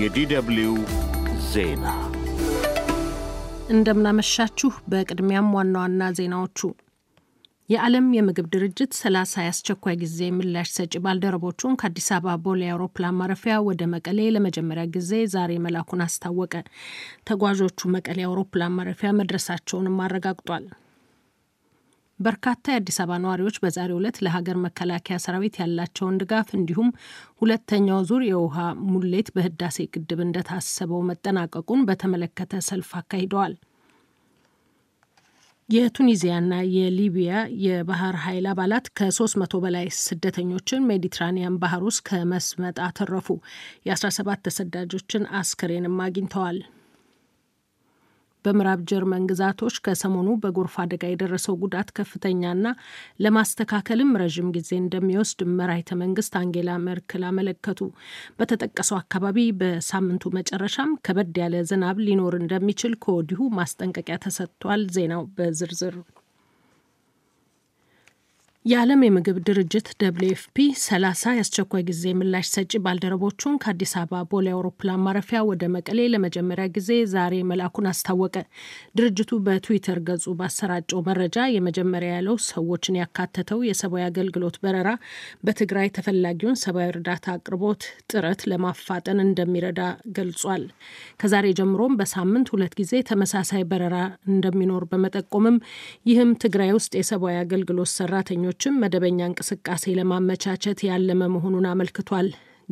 የዲደብሊው ዜና እንደምናመሻችሁ። በቅድሚያም ዋና ዋና ዜናዎቹ የዓለም የምግብ ድርጅት 30 የአስቸኳይ ጊዜ ምላሽ ሰጪ ባልደረቦቹን ከአዲስ አበባ ቦሌ አውሮፕላን ማረፊያ ወደ መቀሌ ለመጀመሪያ ጊዜ ዛሬ መላኩን አስታወቀ። ተጓዦቹ መቀሌ አውሮፕላን ማረፊያ መድረሳቸውንም አረጋግጧል። በርካታ የአዲስ አበባ ነዋሪዎች በዛሬው ዕለት ለሀገር መከላከያ ሰራዊት ያላቸውን ድጋፍ እንዲሁም ሁለተኛው ዙር የውሃ ሙሌት በህዳሴ ግድብ እንደታሰበው መጠናቀቁን በተመለከተ ሰልፍ አካሂደዋል። የቱኒዚያና የሊቢያ የባህር ኃይል አባላት ከ300 በላይ ስደተኞችን ሜዲትራኒያን ባህር ውስጥ ከመስመጥ አተረፉ። የ17 ተሰዳጆችን አስክሬንም አግኝተዋል። በምዕራብ ጀርመን ግዛቶች ከሰሞኑ በጎርፍ አደጋ የደረሰው ጉዳት ከፍተኛና ለማስተካከልም ረዥም ጊዜ እንደሚወስድ መራሒተ መንግስት አንጌላ መርክል አመለከቱ። በተጠቀሰው አካባቢ በሳምንቱ መጨረሻም ከበድ ያለ ዝናብ ሊኖር እንደሚችል ከወዲሁ ማስጠንቀቂያ ተሰጥቷል። ዜናው በዝርዝር የዓለም የምግብ ድርጅት ደብሊው ኤፍፒ 30 የአስቸኳይ ጊዜ ምላሽ ሰጪ ባልደረቦቹን ከአዲስ አበባ ቦሌ አውሮፕላን ማረፊያ ወደ መቀሌ ለመጀመሪያ ጊዜ ዛሬ መላኩን አስታወቀ። ድርጅቱ በትዊተር ገጹ ባሰራጨው መረጃ የመጀመሪያ ያለው ሰዎችን ያካተተው የሰብአዊ አገልግሎት በረራ በትግራይ ተፈላጊውን ሰብአዊ እርዳታ አቅርቦት ጥረት ለማፋጠን እንደሚረዳ ገልጿል። ከዛሬ ጀምሮም በሳምንት ሁለት ጊዜ ተመሳሳይ በረራ እንደሚኖር በመጠቆምም ይህም ትግራይ ውስጥ የሰብአዊ አገልግሎት ሰራተኞች ነዋሪዎችም መደበኛ እንቅስቃሴ ለማመቻቸት ያለመ መሆኑን አመልክቷል።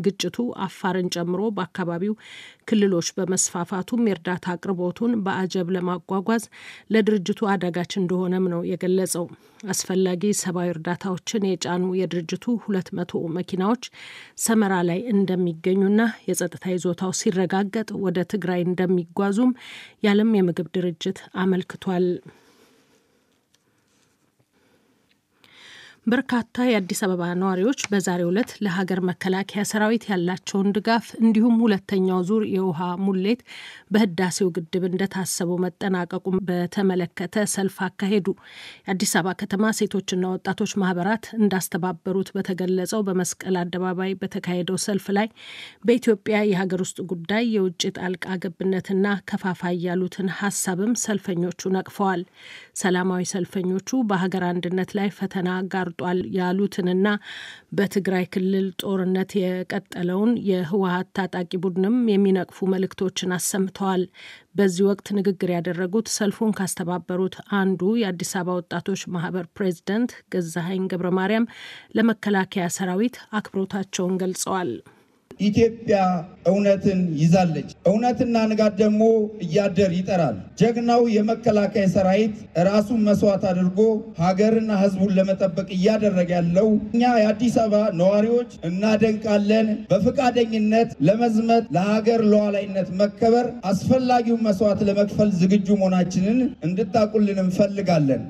ግጭቱ አፋርን ጨምሮ በአካባቢው ክልሎች በመስፋፋቱም የእርዳታ አቅርቦቱን በአጀብ ለማጓጓዝ ለድርጅቱ አዳጋች እንደሆነም ነው የገለጸው። አስፈላጊ ሰብአዊ እርዳታዎችን የጫኑ የድርጅቱ ሁለት መቶ መኪናዎች ሰመራ ላይ እንደሚገኙና የጸጥታ ይዞታው ሲረጋገጥ ወደ ትግራይ እንደሚጓዙም የዓለም የምግብ ድርጅት አመልክቷል። በርካታ የአዲስ አበባ ነዋሪዎች በዛሬው ዕለት ለሀገር መከላከያ ሰራዊት ያላቸውን ድጋፍ እንዲሁም ሁለተኛው ዙር የውሃ ሙሌት በህዳሴው ግድብ እንደታሰበው መጠናቀቁን በተመለከተ ሰልፍ አካሄዱ። የአዲስ አበባ ከተማ ሴቶችና ወጣቶች ማህበራት እንዳስተባበሩት በተገለጸው በመስቀል አደባባይ በተካሄደው ሰልፍ ላይ በኢትዮጵያ የሀገር ውስጥ ጉዳይ የውጭ ጣልቃ ገብነትና ከፋፋይ ያሉትን ሀሳብም ሰልፈኞቹ ነቅፈዋል። ሰላማዊ ሰልፈኞቹ በሀገር አንድነት ላይ ፈተና ጋር ተቋርጧል ያሉትንና በትግራይ ክልል ጦርነት የቀጠለውን የህወሀት ታጣቂ ቡድንም የሚነቅፉ መልእክቶችን አሰምተዋል። በዚህ ወቅት ንግግር ያደረጉት ሰልፉን ካስተባበሩት አንዱ የአዲስ አበባ ወጣቶች ማህበር ፕሬዚደንት ገዛሀኝ ገብረ ማርያም ለመከላከያ ሰራዊት አክብሮታቸውን ገልጸዋል። ኢትዮጵያ እውነትን ይዛለች። እውነትና ንጋት ደግሞ እያደር ይጠራል። ጀግናው የመከላከያ ሰራዊት ራሱን መስዋዕት አድርጎ ሀገርና ሕዝቡን ለመጠበቅ እያደረገ ያለው እኛ የአዲስ አበባ ነዋሪዎች እናደንቃለን። በፈቃደኝነት ለመዝመት ለሀገር ሉዓላዊነት መከበር አስፈላጊውን መስዋዕት ለመክፈል ዝግጁ መሆናችንን እንድታቁልን እንፈልጋለን።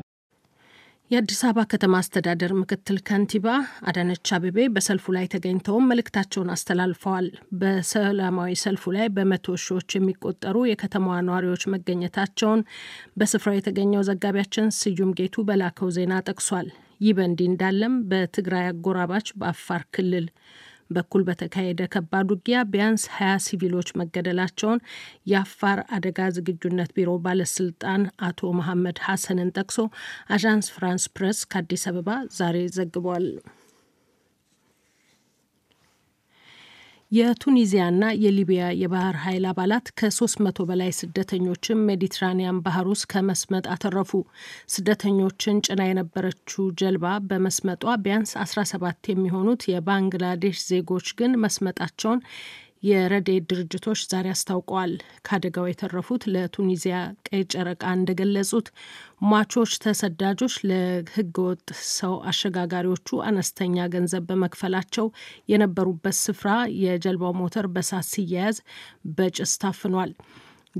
የአዲስ አበባ ከተማ አስተዳደር ምክትል ከንቲባ አዳነች አቤቤ በሰልፉ ላይ ተገኝተውም መልእክታቸውን አስተላልፈዋል። በሰላማዊ ሰልፉ ላይ በመቶ ሺዎች የሚቆጠሩ የከተማዋ ነዋሪዎች መገኘታቸውን በስፍራው የተገኘው ዘጋቢያችን ስዩም ጌቱ በላከው ዜና ጠቅሷል። ይህ በእንዲህ እንዳለም በትግራይ አጎራባች በአፋር ክልል በኩል በተካሄደ ከባድ ውጊያ ቢያንስ ሀያ ሲቪሎች መገደላቸውን የአፋር አደጋ ዝግጁነት ቢሮ ባለስልጣን አቶ መሐመድ ሐሰንን ጠቅሶ አዣንስ ፍራንስ ፕሬስ ከአዲስ አበባ ዛሬ ዘግቧል። የቱኒዚያና የሊቢያ የባህር ኃይል አባላት ከ300 በላይ ስደተኞችን ሜዲትራኒያን ባህር ውስጥ ከመስመጥ አተረፉ። ስደተኞችን ጭና የነበረችው ጀልባ በመስመጧ ቢያንስ 17 የሚሆኑት የባንግላዴሽ ዜጎች ግን መስመጣቸውን የረድኤት ድርጅቶች ዛሬ አስታውቀዋል። ከአደጋው የተረፉት ለቱኒዚያ ቀይ ጨረቃ እንደገለጹት ሟቾች ተሰዳጆች ለህገወጥ ሰው አሸጋጋሪዎቹ አነስተኛ ገንዘብ በመክፈላቸው የነበሩበት ስፍራ የጀልባው ሞተር በሳት ሲያያዝ በጭስ ታፍኗል።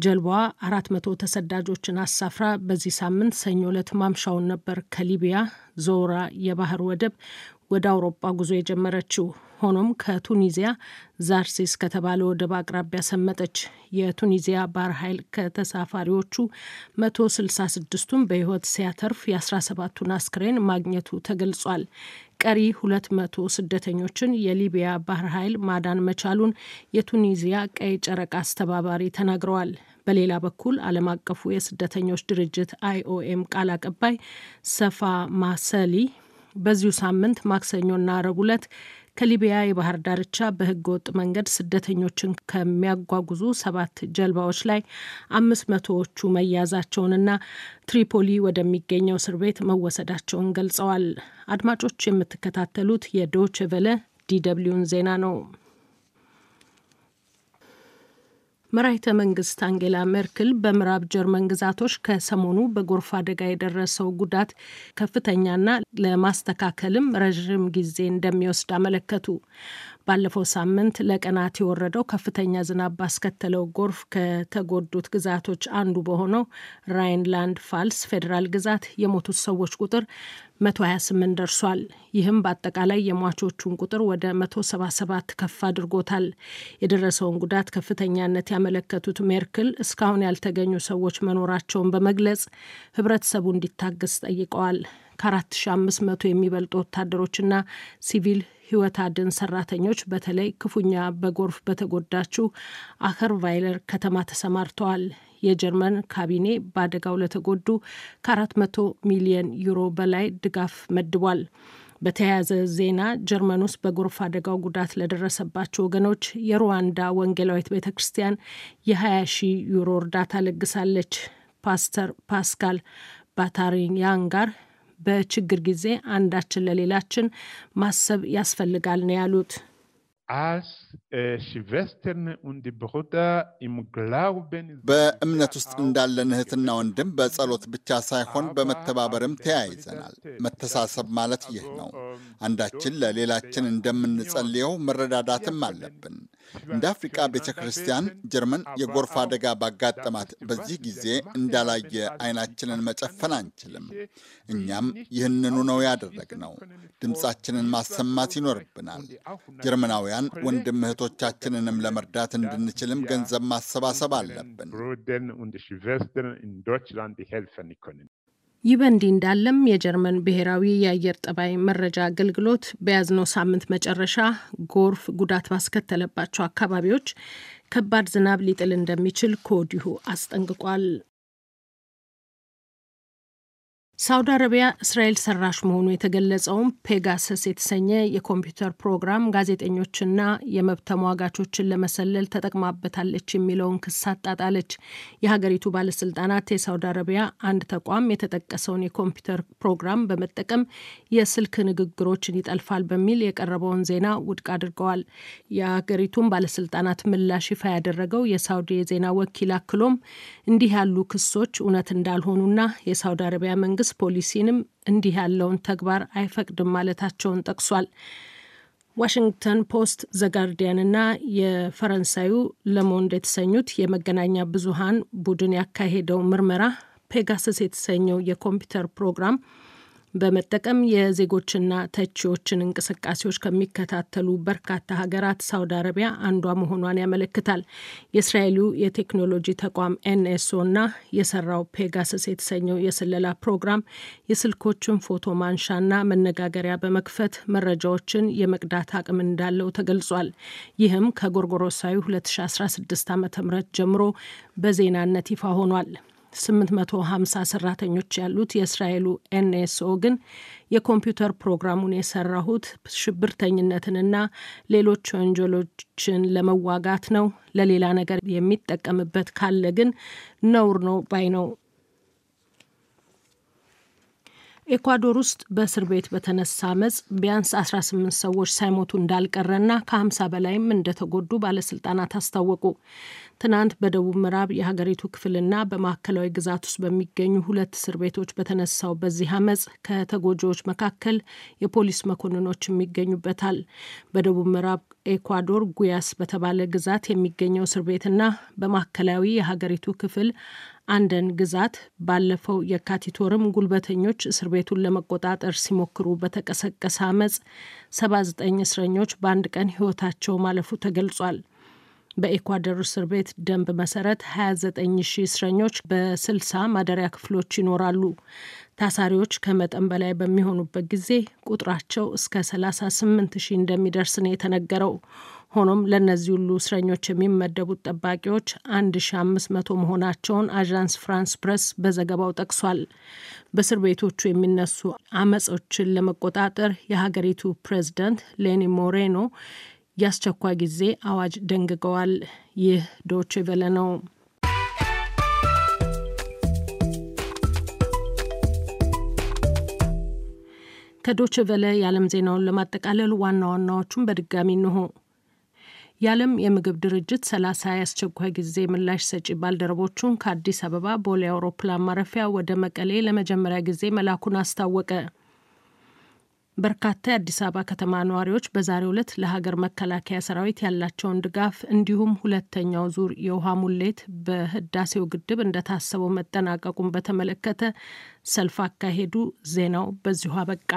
ጀልባዋ አራት መቶ ተሰዳጆችን አሳፍራ በዚህ ሳምንት ሰኞ ዕለት ማምሻውን ነበር ከሊቢያ ዞውራ የባህር ወደብ ወደ አውሮፓ ጉዞ የጀመረችው። ሆኖም ከቱኒዚያ ዛርሲስ ከተባለ ወደብ አቅራቢያ ሰመጠች። የቱኒዚያ ባህር ኃይል ከተሳፋሪዎቹ 166ቱን በሕይወት ሲያተርፍ የ17ቱን አስክሬን ማግኘቱ ተገልጿል። ቀሪ 200 ስደተኞችን የሊቢያ ባህር ኃይል ማዳን መቻሉን የቱኒዚያ ቀይ ጨረቃ አስተባባሪ ተናግረዋል። በሌላ በኩል ዓለም አቀፉ የስደተኞች ድርጅት አይኦኤም ቃል አቀባይ ሰፋ ማሰሊ በዚሁ ሳምንት ማክሰኞና ረቡዕ ዕለት ከሊቢያ የባህር ዳርቻ በህገ ወጥ መንገድ ስደተኞችን ከሚያጓጉዙ ሰባት ጀልባዎች ላይ አምስት መቶዎቹ መያዛቸውንና ትሪፖሊ ወደሚገኘው እስር ቤት መወሰዳቸውን ገልጸዋል። አድማጮች የምትከታተሉት የዶችቨለ ቨለ ዜና ነው። መራይተ መንግስት አንጌላ ሜርክል በምዕራብ ጀርመን ግዛቶች ከሰሞኑ በጎርፍ አደጋ የደረሰው ጉዳት ከፍተኛና ለማስተካከልም ረዥም ጊዜ እንደሚወስድ አመለከቱ። ባለፈው ሳምንት ለቀናት የወረደው ከፍተኛ ዝናብ ባስከተለው ጎርፍ ከተጎዱት ግዛቶች አንዱ በሆነው ራይንላንድ ፋልስ ፌዴራል ግዛት የሞቱት ሰዎች ቁጥር 128 ደርሷል። ይህም በአጠቃላይ የሟቾቹን ቁጥር ወደ 177 ከፍ አድርጎታል። የደረሰውን ጉዳት ከፍተኛነት ያመለከቱት ሜርክል እስካሁን ያልተገኙ ሰዎች መኖራቸውን በመግለጽ ሕብረተሰቡ እንዲታገስ ጠይቀዋል። ከ4500 የሚበልጡ ወታደሮችና ሲቪል ሕይወት አድን ሰራተኞች በተለይ ክፉኛ በጎርፍ በተጎዳችው አከር ቫይለር ከተማ ተሰማርተዋል። የጀርመን ካቢኔ በአደጋው ለተጎዱ ከ400 ሚሊየን ዩሮ በላይ ድጋፍ መድቧል። በተያያዘ ዜና ጀርመን ውስጥ በጎርፍ አደጋው ጉዳት ለደረሰባቸው ወገኖች የሩዋንዳ ወንጌላዊት ቤተ ክርስቲያን የ20 ሺህ ዩሮ እርዳታ ለግሳለች። ፓስተር ፓስካል ባታሪያንጋር ጋር በችግር ጊዜ አንዳችን ለሌላችን ማሰብ ያስፈልጋል ነው ያሉት። eh, በእምነት ውስጥ እንዳለን እህትና ወንድም በጸሎት ብቻ ሳይሆን በመተባበርም ተያይዘናል። መተሳሰብ ማለት ይህ ነው። አንዳችን ለሌላችን እንደምንጸልየው መረዳዳትም አለብን። እንደ አፍሪቃ ቤተ ክርስቲያን ጀርመን የጎርፍ አደጋ ባጋጠማት በዚህ ጊዜ እንዳላየ አይናችንን መጨፈን አንችልም። እኛም ይህንኑ ነው ያደረግነው። ድምፃችንን ማሰማት ይኖርብናል። ጀርመናውያን ወንድም እህቶቻችንንም ለመርዳት እንድንችልም ገንዘብ ማሰባሰብ አለብን። ይህ በእንዲህ እንዳለም የጀርመን ብሔራዊ የአየር ጠባይ መረጃ አገልግሎት በያዝነው ሳምንት መጨረሻ ጎርፍ ጉዳት ባስከተለባቸው አካባቢዎች ከባድ ዝናብ ሊጥል እንደሚችል ከወዲሁ አስጠንቅቋል። ሳውዲ አረቢያ እስራኤል ሰራሽ መሆኑ የተገለጸውም ፔጋሰስ የተሰኘ የኮምፒውተር ፕሮግራም ጋዜጠኞችና የመብት ተሟጋቾችን ለመሰለል ተጠቅማበታለች የሚለውን ክስ አጣጣለች። የሀገሪቱ ባለስልጣናት የሳውዲ አረቢያ አንድ ተቋም የተጠቀሰውን የኮምፒውተር ፕሮግራም በመጠቀም የስልክ ንግግሮችን ይጠልፋል በሚል የቀረበውን ዜና ውድቅ አድርገዋል። የሀገሪቱን ባለስልጣናት ምላሽ ይፋ ያደረገው የሳውዲ የዜና ወኪል አክሎም እንዲህ ያሉ ክሶች እውነት እንዳልሆኑና የሳውዲ አረቢያ መንግስት የፖሊስ ፖሊሲንም እንዲህ ያለውን ተግባር አይፈቅድም ማለታቸውን ጠቅሷል። ዋሽንግተን ፖስት፣ ዘጋርዲያንና የፈረንሳዩ ለሞንድ የተሰኙት የመገናኛ ብዙሃን ቡድን ያካሄደው ምርመራ ፔጋሰስ የተሰኘው የኮምፒውተር ፕሮግራም በመጠቀም የዜጎችና ተቺዎችን እንቅስቃሴዎች ከሚከታተሉ በርካታ ሀገራት ሳውዲ አረቢያ አንዷ መሆኗን ያመለክታል። የእስራኤሉ የቴክኖሎጂ ተቋም ኤንኤስኦ እና የሰራው ፔጋስስ የተሰኘው የስለላ ፕሮግራም የስልኮችን ፎቶ ማንሻና መነጋገሪያ በመክፈት መረጃዎችን የመቅዳት አቅም እንዳለው ተገልጿል። ይህም ከጎርጎሮሳዊ 2016 ዓ ም ጀምሮ በዜናነት ይፋ ሆኗል። 850 ሰራተኞች ያሉት የእስራኤሉ ኤንኤስኦ ግን የኮምፒውተር ፕሮግራሙን የሰራሁት ሽብርተኝነትንና ሌሎች ወንጀሎችን ለመዋጋት ነው፣ ለሌላ ነገር የሚጠቀምበት ካለ ግን ነውር ነው ባይ ነው። ኤኳዶር ውስጥ በእስር ቤት በተነሳ አመፅ ቢያንስ 18 ሰዎች ሳይሞቱ እንዳልቀረና ከ50 በላይም እንደተጎዱ ባለስልጣናት አስታወቁ። ትናንት በደቡብ ምዕራብ የሀገሪቱ ክፍልና በማዕከላዊ ግዛት ውስጥ በሚገኙ ሁለት እስር ቤቶች በተነሳው በዚህ አመፅ ከተጎጂዎች መካከል የፖሊስ መኮንኖች ይገኙበታል። በደቡብ ምዕራብ ኤኳዶር ጉያስ በተባለ ግዛት የሚገኘው እስር ቤትና በማዕከላዊ የሀገሪቱ ክፍል አንደን ግዛት ባለፈው የካቲት ወርም ጉልበተኞች እስር ቤቱን ለመቆጣጠር ሲሞክሩ በተቀሰቀሰ አመፅ 79 እስረኞች በአንድ ቀን ህይወታቸው ማለፉ ተገልጿል። በኤኳዶር እስር ቤት ደንብ መሰረት 29 ሺህ እስረኞች በ60 ማደሪያ ክፍሎች ይኖራሉ። ታሳሪዎች ከመጠን በላይ በሚሆኑበት ጊዜ ቁጥራቸው እስከ 38 ሺህ እንደሚደርስ ነው የተነገረው። ሆኖም ለእነዚህ ሁሉ እስረኞች የሚመደቡት ጠባቂዎች 1500 መሆናቸውን አዣንስ ፍራንስ ፕሬስ በዘገባው ጠቅሷል። በእስር ቤቶቹ የሚነሱ አመጾችን ለመቆጣጠር የሀገሪቱ ፕሬዝዳንት ሌኒ ሞሬኖ የአስቸኳይ ጊዜ አዋጅ ደንግገዋል። ይህ ቬለ ነው። ከዶች ቨለ የዓለም ዜናውን ለማጠቃለል ዋና ዋናዎቹን በድጋሚ እንሆ። የዓለም የምግብ ድርጅት ሰላሳ የአስቸኳይ ጊዜ ምላሽ ሰጪ ባልደረቦቹን ከአዲስ አበባ ቦሌ አውሮፕላን ማረፊያ ወደ መቀሌ ለመጀመሪያ ጊዜ መላኩን አስታወቀ። በርካታ የአዲስ አበባ ከተማ ነዋሪዎች በዛሬው ዕለት ለሀገር መከላከያ ሰራዊት ያላቸውን ድጋፍ እንዲሁም ሁለተኛው ዙር የውሃ ሙሌት በህዳሴው ግድብ እንደታሰበው መጠናቀቁን በተመለከተ ሰልፍ አካሄዱ። ዜናው በዚሁ አበቃ።